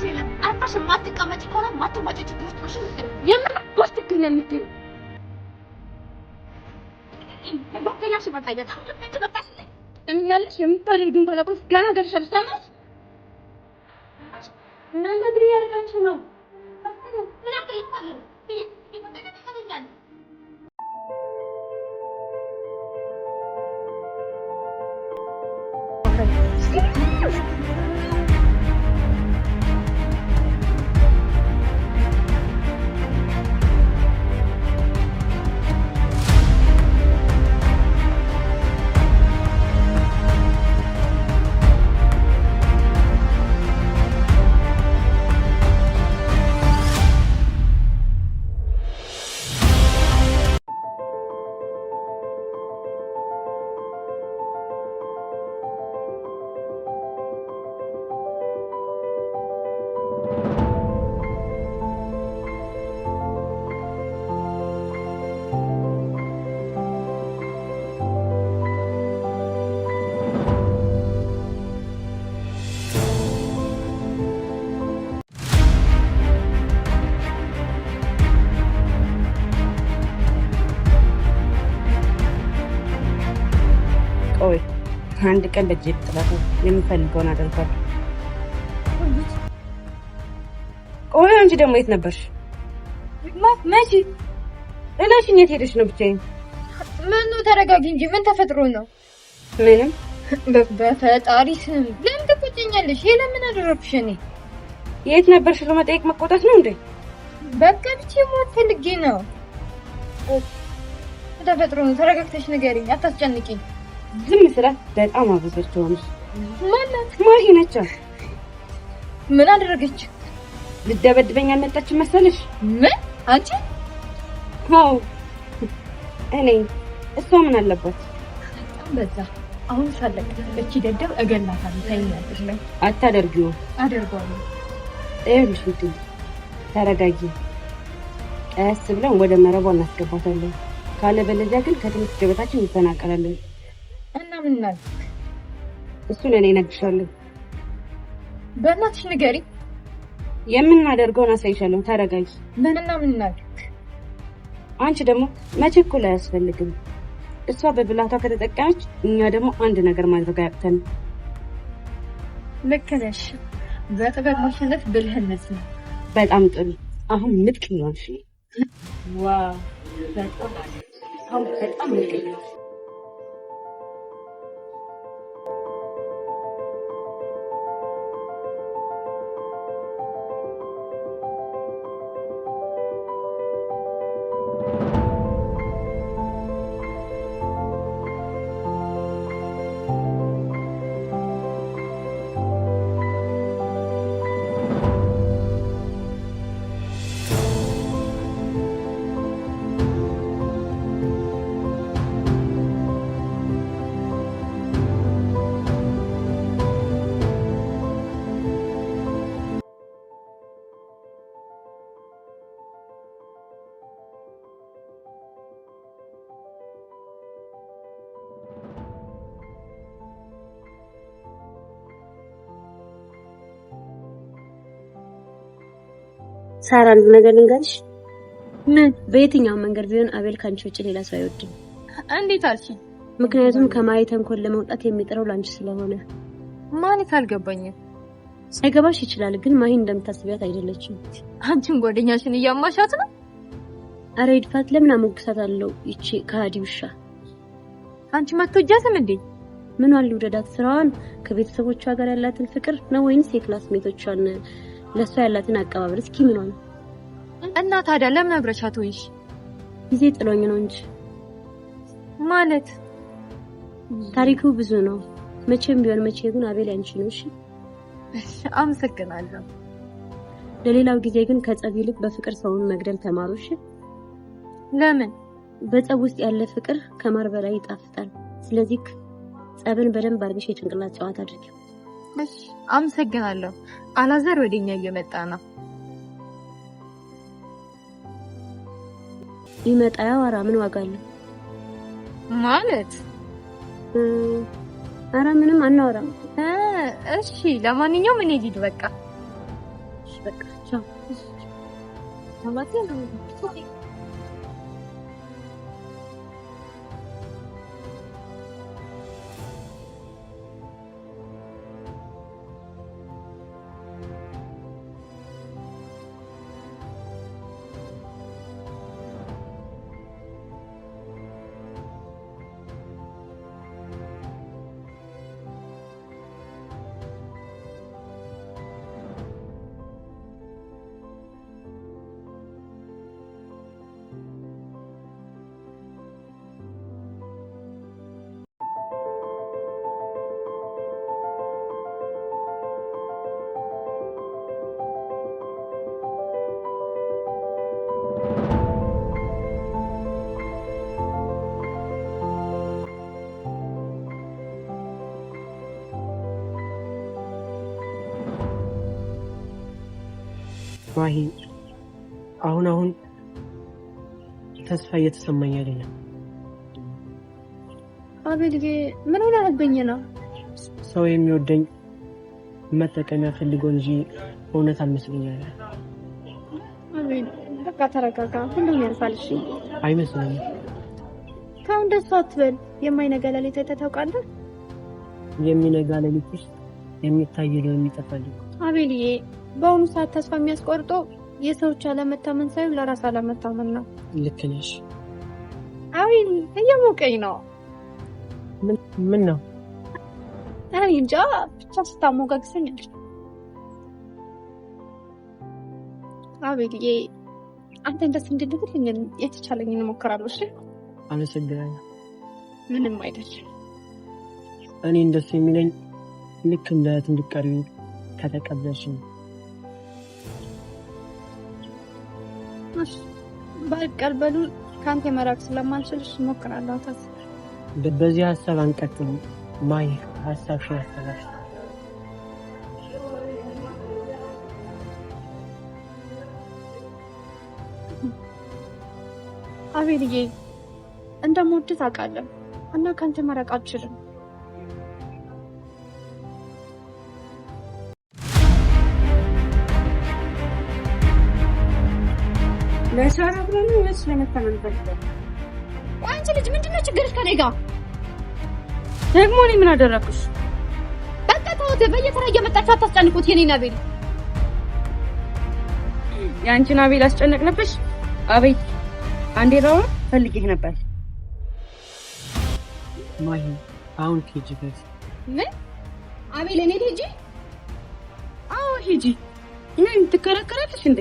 ችግር የለም። አርፈሽ ነው ቆይ አንድ ቀን በእጄ ጥራት የምፈልገውን አደርጋለሁ። ቆይ አንቺ ደግሞ የት ነበርሽ? መቼ እለሽኝ? የት ሄደሽ ነው ብቻዬን? ነው ተረጋጊ እንጂ ምን ተፈጥሮ ነው? ምንም በፈጣሪ ስም ለምን ትቆጨኛለሽ? ይሄ ለምን አደረግሽ? እኔ የት ነበርሽ ለመጠየቅ መቆጣት ነው እንዴ? በቃ ብቻ ሞት ፈልጌ ነው። ተፈጥሮ ነው። ተረጋግተሽ ንገሪኝ፣ አታስጨንቂኝ። ዝም ስላት በጣም አበዛች። ሆነች ማለት ማሂ ነች። ምን አደረገች? ልደበድበኝ አልመጣች መሰለሽ? ምን አንቺ? አዎ እኔ። እሷ ምን አለባት? በጣም በዛ። አሁን ሳለቅ እቺ ደደብ እገላታለሁ። ታይኛለሽ ላይ አታደርጊው። አደርገዋለሁ። ይኸውልሽ ውድ ተረጋጊ። ቀስ ብለን ወደ መረቧ እናስገባታለን። ካለበለዚያ ግን ከትምህርት ገበታችን እንፈናቀላለን። እና ምን እናድርግ? እሱን እኔ እነግርሻለሁ። በእናትሽ ንገሪኝ። የምናደርገውን አሳይሻለሁ። ተረጋጊ። ምንና ምን እናድርግ? አንቺ ደግሞ መቸኮል አያስፈልግም። እሷ በብላቷ ከተጠቀመች፣ እኛ ደግሞ አንድ ነገር ማድረግ አያቅተንም። ልክ ነሽ። በጥበብ ማሸነፍ ብልህነት ነው። በጣም ጥሩ። አሁን ምጥቅ ይሆንሽ። ዋው በጣም አሁን በጣም ምጥቅ ሳራ አንድ ነገር ልንገርሽ። ምን? በየትኛው መንገድ ቢሆን አቤል ከአንቺ ውጭ ሌላ ሰው አይወድም። እንዴት አልሽ? ምክንያቱም ከማየ ተንኮል ለመውጣት የሚጥረው ለአንቺ ስለሆነ። ማለት አልገባኝም። ሳይገባሽ ይችላል፣ ግን ማይ እንደምታስቢያት አይደለችም። አንቺን ጓደኛሽን እያማሻት ነው። አረ ይድፋት፣ ለምን አሞግሳት አለው። ይቺ ከሃዲ ውሻ። አንቺ ማትወጃትም እንዴ? ምኗን ልውደዳት? ስራዋን፣ ከቤተሰቦቿ ጋር ያላትን ፍቅር ነው ወይንስ የክላስ ሜቶቿን ለእሷ ያላትን አቀባበል እስኪ ምን ሆነ እና ታዲያ ለምን አብረሻ ትሆንሽ? ጊዜ ጥሎኝ ነው እንጂ ማለት ታሪኩ ብዙ ነው። መቼም ቢሆን መቼ ግን አቤል አንቺ ነው። እሺ አመሰግናለሁ። ለሌላው ጊዜ ግን ከጸብ ይልቅ በፍቅር ሰውን መግደል ተማሩ። እሺ ለምን? በጸብ ውስጥ ያለ ፍቅር ከማር በላይ ይጣፍጣል። ስለዚህ ጸብን በደንብ አድርገሽ የጭንቅላት ጨዋታ አድርጊው። እሺ አመሰግናለሁ። አላዘር ወደኛ እየመጣ ነው። ቢመጣ ያወራ ምን ዋጋ አለው ማለት አረ ምንም አናወራም። እሺ ለማንኛውም እኔ ልሂድ በቃ። እሺ በቃ ቻው። ርህራሄ አሁን አሁን ተስፋ እየተሰማኝ አይደለም። አቤልዬ ምን ሆነህብኝ ነው? ሰው የሚወደኝ መጠቀሚያ ፈልጎ እንጂ እውነት አልመስለኛል። አቤል በቃ ተረጋጋ፣ ሁሉም ያልፋል። እሺ አይመስለኝ። ከአሁን ደስ አትበል። የማይነጋ ሌሊት አይተህ ታውቃለህ? የሚነጋ ሌሊት ውስጥ የሚታይ ነው የሚጠፋልኝ። አቤልዬ በአሁኑ ሰዓት ተስፋ የሚያስቆርጠው የሰዎች አለመታመን ሳይሆን ለራስ አለመታመን ነው። ልክ ነሽ። አዊን እየሞቀኝ ነው። ምን ነው? አይ እንጃ ብቻ ስታሞጋግሰኛል። አለ አቤልዬ። አንተ እንደስ እንድንልልኝ የተቻለኝ እሞክራለሁ። እሺ፣ አመሰግናለሁ። ምንም አይደል። እኔ እንደሱ የሚለኝ ልክ እንደ እንድቀሪ እንድትቀሪው ከተቀበልሽኝ ባልቀልበሉ ከአንተ መራቅ ስለማልችል እሞክራለሁ። ታስብ በዚህ ሀሳብ አንቀጥሉ። ማይ ሀሳብ ሽ ያስተላል አቤልዬ እንደምወድህ ታውቃለህ እና ከአንተ መራቅ አልችልም። ለሻራ ብለህ ነው ወይስ ለመታመን ፈልገህ? አንቺ ልጅ ምንድን ነው ችግርሽ ከኔ ጋር? ደግሞ እኔ ምን አደረኩሽ? በቃ ተውት። በየተራ እየመጣችሁ አታስጨንቁት። የኔን አቤል የአንቺን አቤል አስጨነቅንብሽ። አቤት አንዴ ነው ፈልጌህ ነበር። ማይ አሁን ሂጂ ምን አቤል እኔ ልጅ አዎ ሂጂ ምን ትከራከራለሽ እንዴ?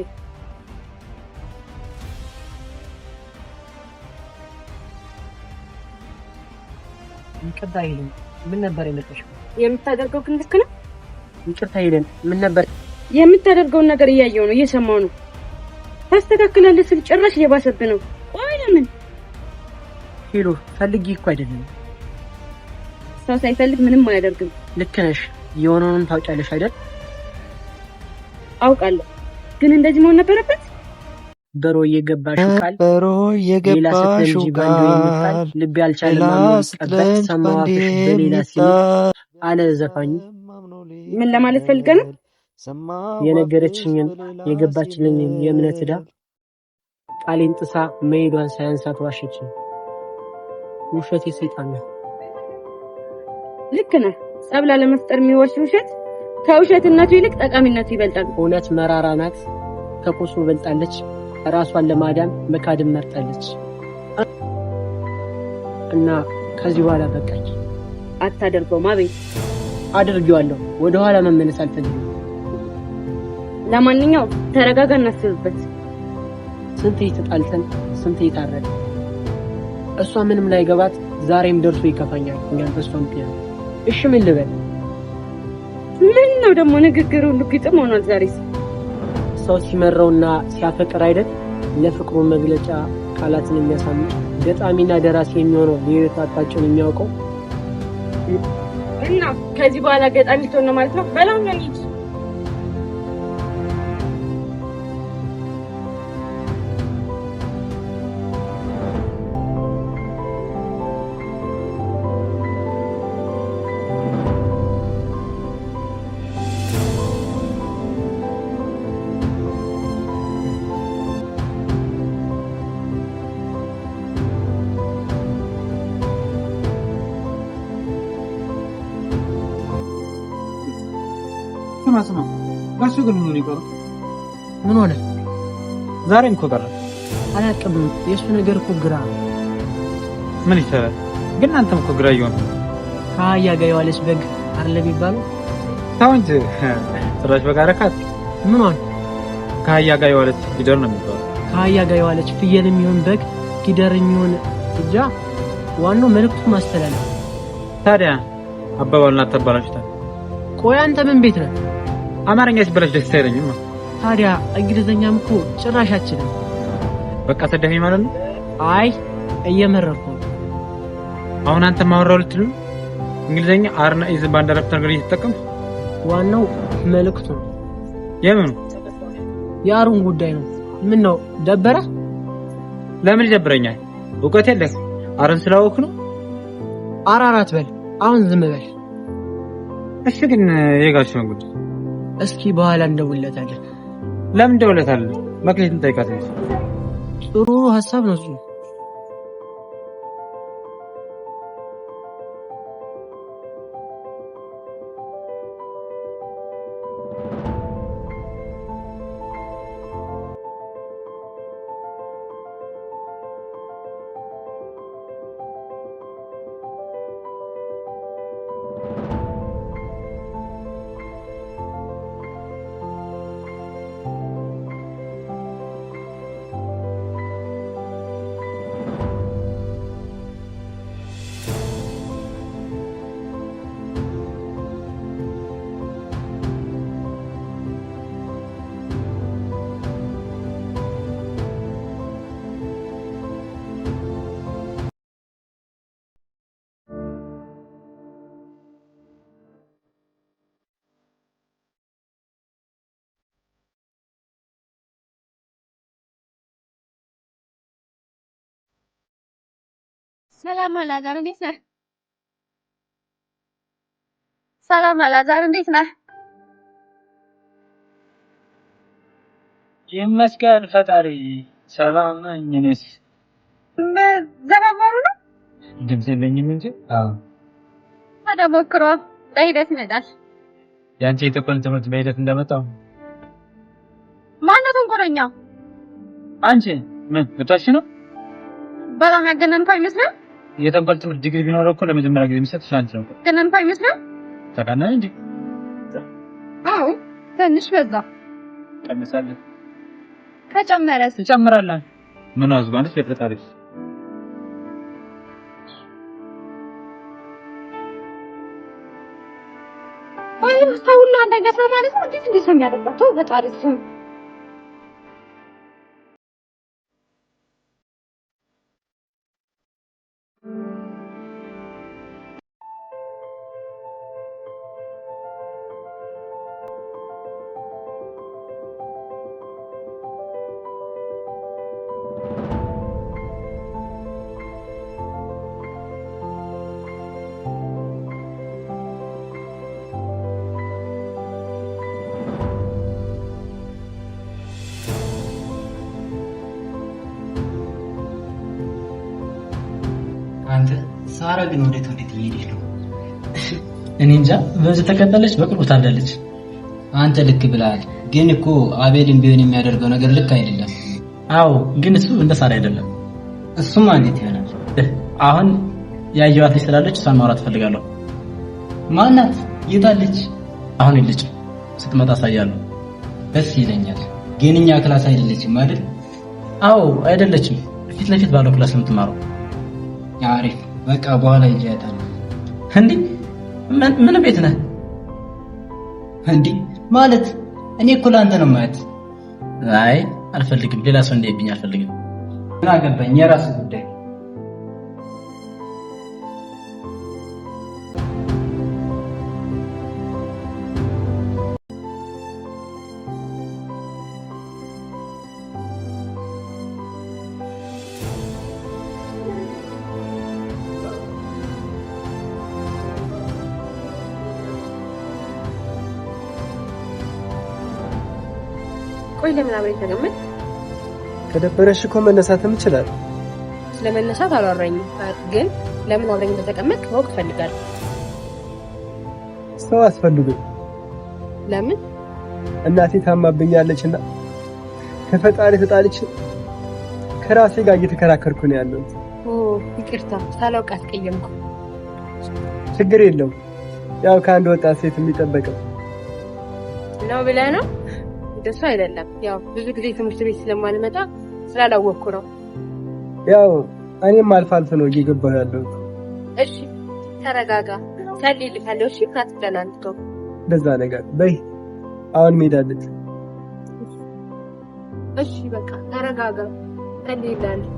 ይቅርታ ይልን ምን ነበር የመጣሽው? የምታደርገው ግን ልክ ነው። ይቅርታ ሄለን፣ ምን ነበር የምታደርገውን ነገር እያየው ነው እየሰማው ነው። ታስተካክላለህ ስል ጭራሽ እየባሰብ ነው። ቆይ ለምን ሄሎ፣ ፈልጊ እኮ አይደለም። ሰው ሳይፈልግ ምንም አያደርግም። ልክ ነሽ። የሆነውንም ታውቂያለሽ አይደል? አውቃለሁ፣ ግን እንደዚህ መሆን ነበረበት በሮ የገባሽው ቃል ሌላ ስትለምጂ ባንዴ የሚል ቃል ልቤ አልቻለም አምኖ ሰማሁ አፍሽ በሌላ አለ ምን ለማለት ፈልገ ነው? የነገረችኝን የገባችልኝን የእምነት ዕዳ ቃሌን ጥሳ መሄዷን ሳያንሳት ዋሸች። ውሸት የሰይጣን ነው። ልክ ነህ። ጸብላ ለመፍጠር የሚወርስ ውሸት ከውሸትነቱ ይልቅ ጠቃሚነቱ ይበልጣል። እውነት መራራ ናት፣ ከቁሱ በልጣለች። ራሷን ለማዳን መካድን መርጣለች እና ከዚህ በኋላ በቃች። አታደርገውም። አቤት አድርጌዋለሁ። ወደኋላ መመለስ አልፈልግም። ለማንኛውም ተረጋጋ፣ እናስብበት። ስንት ተጣልተን ስንት ታረድን። እሷ ምንም ላይ ገባት። ዛሬም ደርሶ ይከፋኛል። እኛን በእሷ ምክንያት እሺ ምን ልበል? ምን ነው ደግሞ ንግግሩ ሁሉ ግጥም ሆኗል ዛሬ ሰው ሲመረውና ሲያፈቅር አይደል ለፍቅሩ መግለጫ ቃላትን የሚያሳም ገጣሚና ደራሲ የሚሆነው የህይወት አቅጣጫውን የሚያውቀው እና ከዚህ በኋላ ገጣሚ ትሆን ነው ማለት ነው በላም እሱ ግን ምን ይቀር? ምን ሆነ? ዛሬም እኮ ቀረ። አላውቅም። የእሱ ነገር እኮ ግራ። ምን ይቻላል ግን አንተም እኮ ግራ እየሆንክ ከአህያ ጋር የዋለች በግ አይደለም የሚባለው? ተው እንጂ ጭራሽ በግ አደረካት። ምን ሆነ? ከአህያ ጋር የዋለች ጊደር ነው የሚባለው። ከአህያ ጋር የዋለች ፍየል የሚሆን በግ ጊደር የሚሆን እጃ። ዋናው መልዕክቱ ማስተላለፍ። ታዲያ አባባሉን አታበላሽታል። ቆይ አንተ ምን ቤት ነህ? አማርኛ ሲበላሽ ደስ አይለኝም። ታዲያ እንግሊዝኛም እኮ ጭራሻችንም በቃ ሰደፈኝ ማለት ነው። አይ እየመረርኩ አሁን አንተ ማወራው ልትሉ እንግሊዝኛ አርና ኢዝ ባንደረፍት ነገር እየተጠቀም ዋናው መልእክቱ የምኑ የአሩን ጉዳይ ነው። ምን ነው ደበረ? ለምን ይደብረኛል? እውቀት የለህ አርን ስላወክ ነው። አራራት በል አሁን ዝም በል እሺ። ግን የጋሽ ነው ጉዳይ እስኪ በኋላ እንደውለታለን። ለምን እንደውለታለን? መክሌትን ጠይቃት። ጥሩ ሀሳብ ነው። ሰላም አላዛር፣ እንዴት ነህ? ሰላም አላዛር፣ እንዴት ነህ? ይመስገን ፈጣሪ፣ ሰላም ነኝ። እኔስ ዘረመሩ ነው ድምፅ የለኝም እንጂ ታዲያ ሞክሮ በሂደት ይመጣል። የአንቺ የኢትዮጵያን ትምህርት በሂደት እንደመጣው ማነው ተንኮለኛው? አንቺ ምን ብታሽ ነው? በጣም ያገነንኩ አይመስልም? የተንኳል ትምህርት ዲግሪ ቢኖረው እኮ ለመጀመሪያ ጊዜ የሚሰጥ ትናንት ነው። ትናንት አይመስልም? ተቃናን እንዴ? አዎ ትንሽ በዛ ቀንሳለህ። ከጨመረስ ትጨምራለህ። ምን አዝባ ነች ለፈጣሪ ወይ ሁሉ አንድ አይነት ነው ማለት ነው። እንዴት እንዴት ነው የሚያደርጋቸው ፈጣሪ ስም ሳራ ግን ወዴት ወዴት እየሄደች ነው? እኔ እንጃ። በዚህ ተቀጠለች በቅርቡ ታላለች። አንተ ልክ ብለሃል፣ ግን እኮ አቤልም ቢሆን የሚያደርገው ነገር ልክ አይደለም። አዎ፣ ግን እሱ እንደ ሳራ አይደለም። እሱም እንዴት ይሆናል? አሁን ያየዋት ልጅ ስላለች እሷን ማውራት ፈልጋለሁ። ማናት? የታለች? አሁን የለችም። ስትመጣ አሳያለሁ። ደስ ይለኛል። ግን እኛ ክላስ አይደለችም አይደል? አዎ፣ አይደለችም። ፊት ለፊት ባለው ክላስ ነው የምትማረው። አሪፍ በቃ በኋላ ሂጅ አያታለሁ። እንዴ ምን ቤት ነህ እንዴ? ማለት እኔ እኮ ለአንተ ነው ማለት። አይ አልፈልግም፣ ሌላ ሰው እንዳይብኝ አልፈልግም። ምን አገባኝ፣ የራስህ ጉዳይ ቆይ ለምን አብረን ተቀመጥ? ከደበረሽ እኮ መነሳትም ይችላል። ለመነሳት አላወራኝም፣ ግን ለምን አብረኝ ተቀመጥ ማወቅ እፈልጋለሁ። ሰው አስፈልግም። ለምን? እናቴ ታማብኛለችና ከፈጣሪ ተጣልች ከራሴ ጋር እየተከራከርኩ ነው ያለሁት። ይቅርታ ሳላውቅ አስቀየምኩ። ችግር የለውም ያው ከአንድ ወጣት ሴት የሚጠበቀው ነው ብለህ ነው እንደሱ አይደለም። ያው ብዙ ጊዜ ትምህርት ቤት ስለማልመጣ ስላላወቅኩ ነው። ያው እኔም አልፎ አልፎ ነው እየገባ ያለው። እሺ ተረጋጋ። ሰልልካለሁ። እሺ ካትበላንቶ እንደዛ ነገር በይ። አሁን ሜዳለት። እሺ በቃ ተረጋጋ። ሰልልላለሁ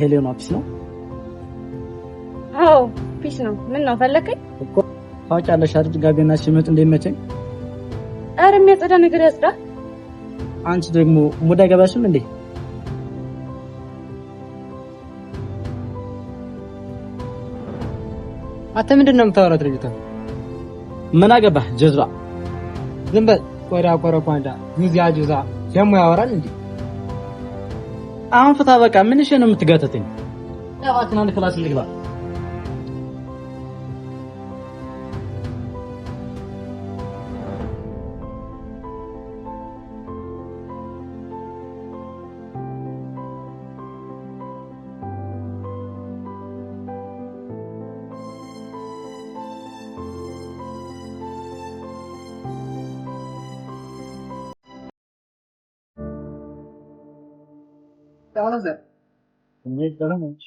ሄሌን ፒስ ነው? አዎ ፒስ ነው። ምን ነው ፈለከኝ? እኮ ታውቂያለሽ አይደል ጋቢና ሲመጥ እንደሚመቸኝ። ኧረ የሚያጸዳ ነገር ያጽዳ። አንቺ ደግሞ ሙድ አይገባሽም እንዴ? አንተ ምንድን ነው የምታወራት? ልጅቷ ምን አገባህ? ጀዝባ ዝም በል። ቆዳ ቆረቋንዳ ጁዛ ጁዛ ደግሞ ያወራል እንዴ? አሁን ፍታ። በቃ ምንሽ ነው የምትጋተተኝ? እባክህ አንድ ክላስ እንግባ። tela zero. Literalmente.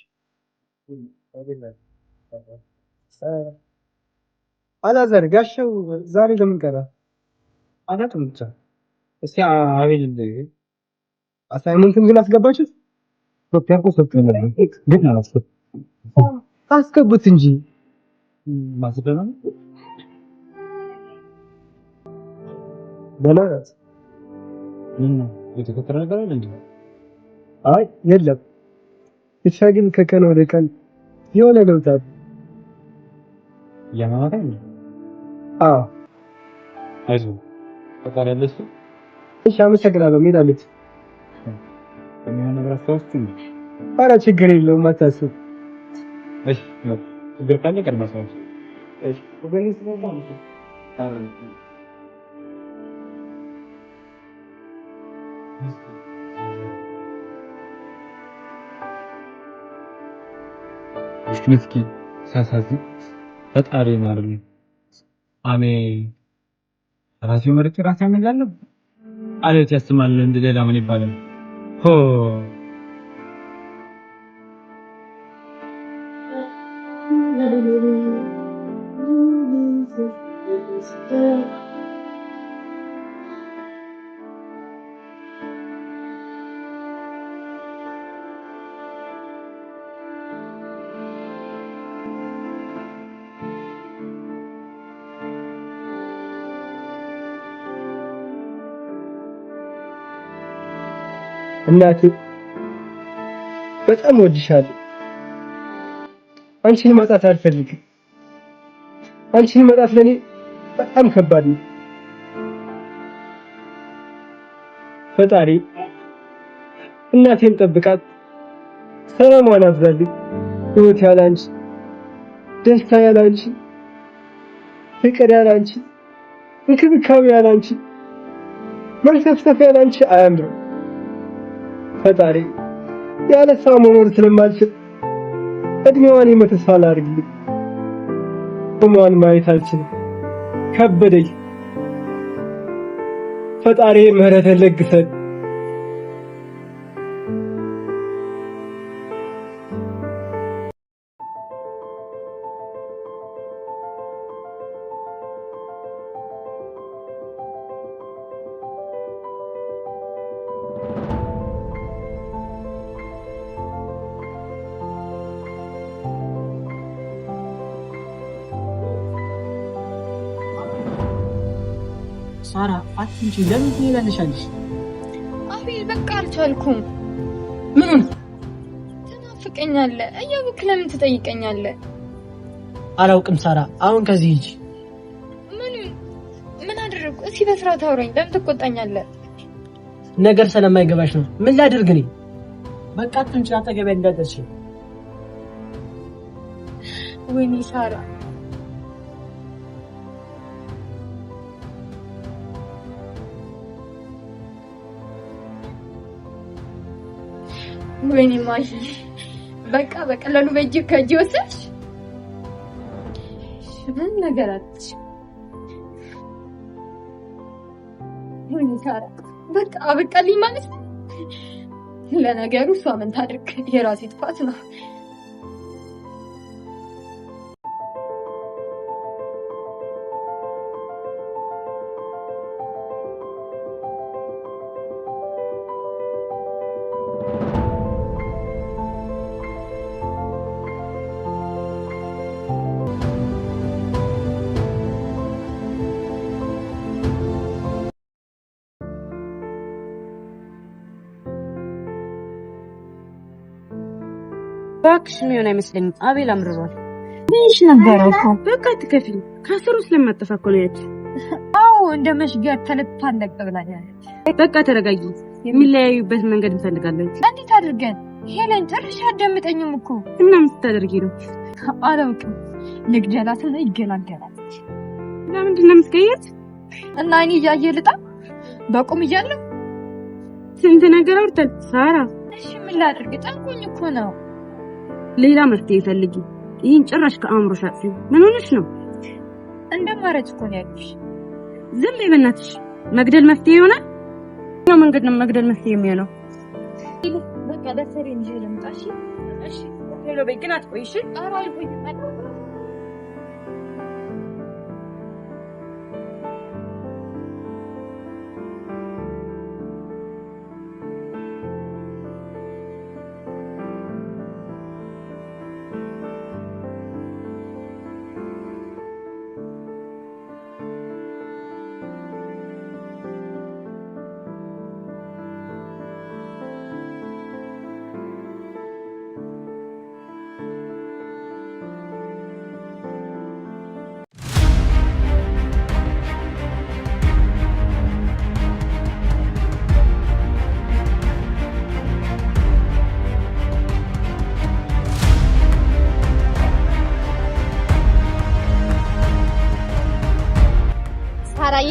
አላዛር ጋሻው ዛሬ ለምን ቀረ? አላውቅም ብቻ እስቲ አቤል አሳይመንትን ግን አስገባችሁት? አስገቡት እንጂ በላት የተፈጠረ ነገር አለ አይ የለም ብቻ ግን ከቀን ወደ ቀን የሆነ ገብታት እያማማከኝ አዎ አይዞህ ፈጣሪ ያለሱ እሺ አመሰግናለሁ ችግር የለውም አታስብ እሺ ችግር ካለ ቀድማ እሺ ምስኪን ሲያሳዝን ፈጣሪ ማርሚ አሜን። ራሴ መርጬ ራሴ አመላለሁ አለት ያስማል እንደ ሌላ ምን ይባላል? ሆ እናቴ በጣም ወድሻለሁ። አንቺን ማጣት አልፈልግም። አንቺን ማጣት ለኔ በጣም ከባድ ነው። ፈጣሪ እናቴን ጠብቃት፣ ሰላሟን አብዛልኝ። ሕይወት ያለ አንቺ፣ ደስታ ያለ አንቺ፣ ፍቅር ያለ አንቺ፣ እንክብካቤ ያለ አንቺ፣ መርሰፍሰፍ ያለ አንቺ አያምርም። ፈጣሪ ያለ እሷ መኖር ስለማልችል እድሜዋን የመተስፋ ላድርግልኝ። እሟን ማየት አልችልም፣ ከበደኝ። ፈጣሪ ምህረትን ለግሰን እንጂ ለምን አቤል በቃ አልቻልኩም። ምንም ትናፍቀኛለህ። እያወቅህ ለምን ትጠይቀኛለህ? አላውቅም ሳራ፣ አሁን ከዚህ ሂጂ። ምን ምን አደረግኩ? እስኪ በስርዓት አውራኝ። ለምን ትቆጣኛለህ? ነገር ስለማይገባሽ ነው። ምን ላድርግ እኔ? በቃ አትንጭ፣ አጠገቤ እንዳትደርሺ። ወይኔ ሳራ ወይኔ ማሽ በቃ በቀላሉ በእጅ ከእጅ ወሰድሽ። ምን ነገር አለች? ወይኔ ታራ በቃ አበቃልኝ ማለት ነው። ለነገሩ እሷ ምን ታድርግ፣ የራሴ ጥፋት ነው። እባክሽ የሚሆን አይመስለኝም። አቤል አምርሯል። ምንሽ ነበረ እኮ በቃ ትከፊል። ከአስር ውስጥ እኮ ነው ያች። አዎ እንደ መሽጊያ ተለጥፋ እንደቅ ብላኛለች። በቃ ተረጋጊ። የሚለያዩበት መንገድ እንፈልጋለን። እንዴት አድርገን? ሄለን ጭራሽ አደምጠኝም እኮ እና ምን ነው? አላውቅም። ልግደላት እና ይገላገላለች። ለምንድን ነው የምትገየት? እና አይኔ እያየ ልጣ በቁም እያለሁ ስንት ነገር አውርተን ሳራ። እሺ ምን ላድርግ? ጠንቁኝ እኮ ነው ሌላ መፍትሄ ፈልጊ። ይህን ጭራሽ ከአእምሮሽ አጥፊው። ምን ሆነሽ ነው? እንደማረጅ እኮ ነው ያልኩሽ። ዝም በይ በእናትሽ። መግደል መፍትሄ ይሆናል? ነው መንገድ ነው መግደል መፍትሄ የሚሆነው። በቃ ደፍተሬን እንጂ ልምጣ። እሺ፣ ሄሎ በግናት ቆይሽ። አትቆይሽ። ቆይ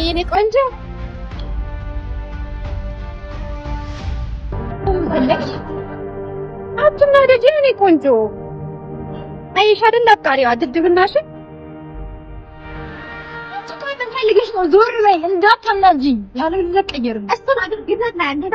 የኔ ቆንጆ አትናደጂ የኔ ቆንጆ አይሻ አይደል አቃሪዋ ድድብናሽ ፈልገሽ ነው ዞር በይ እንዳታናጂ ያለው ልቀየር እሱን አድርግተና እንደ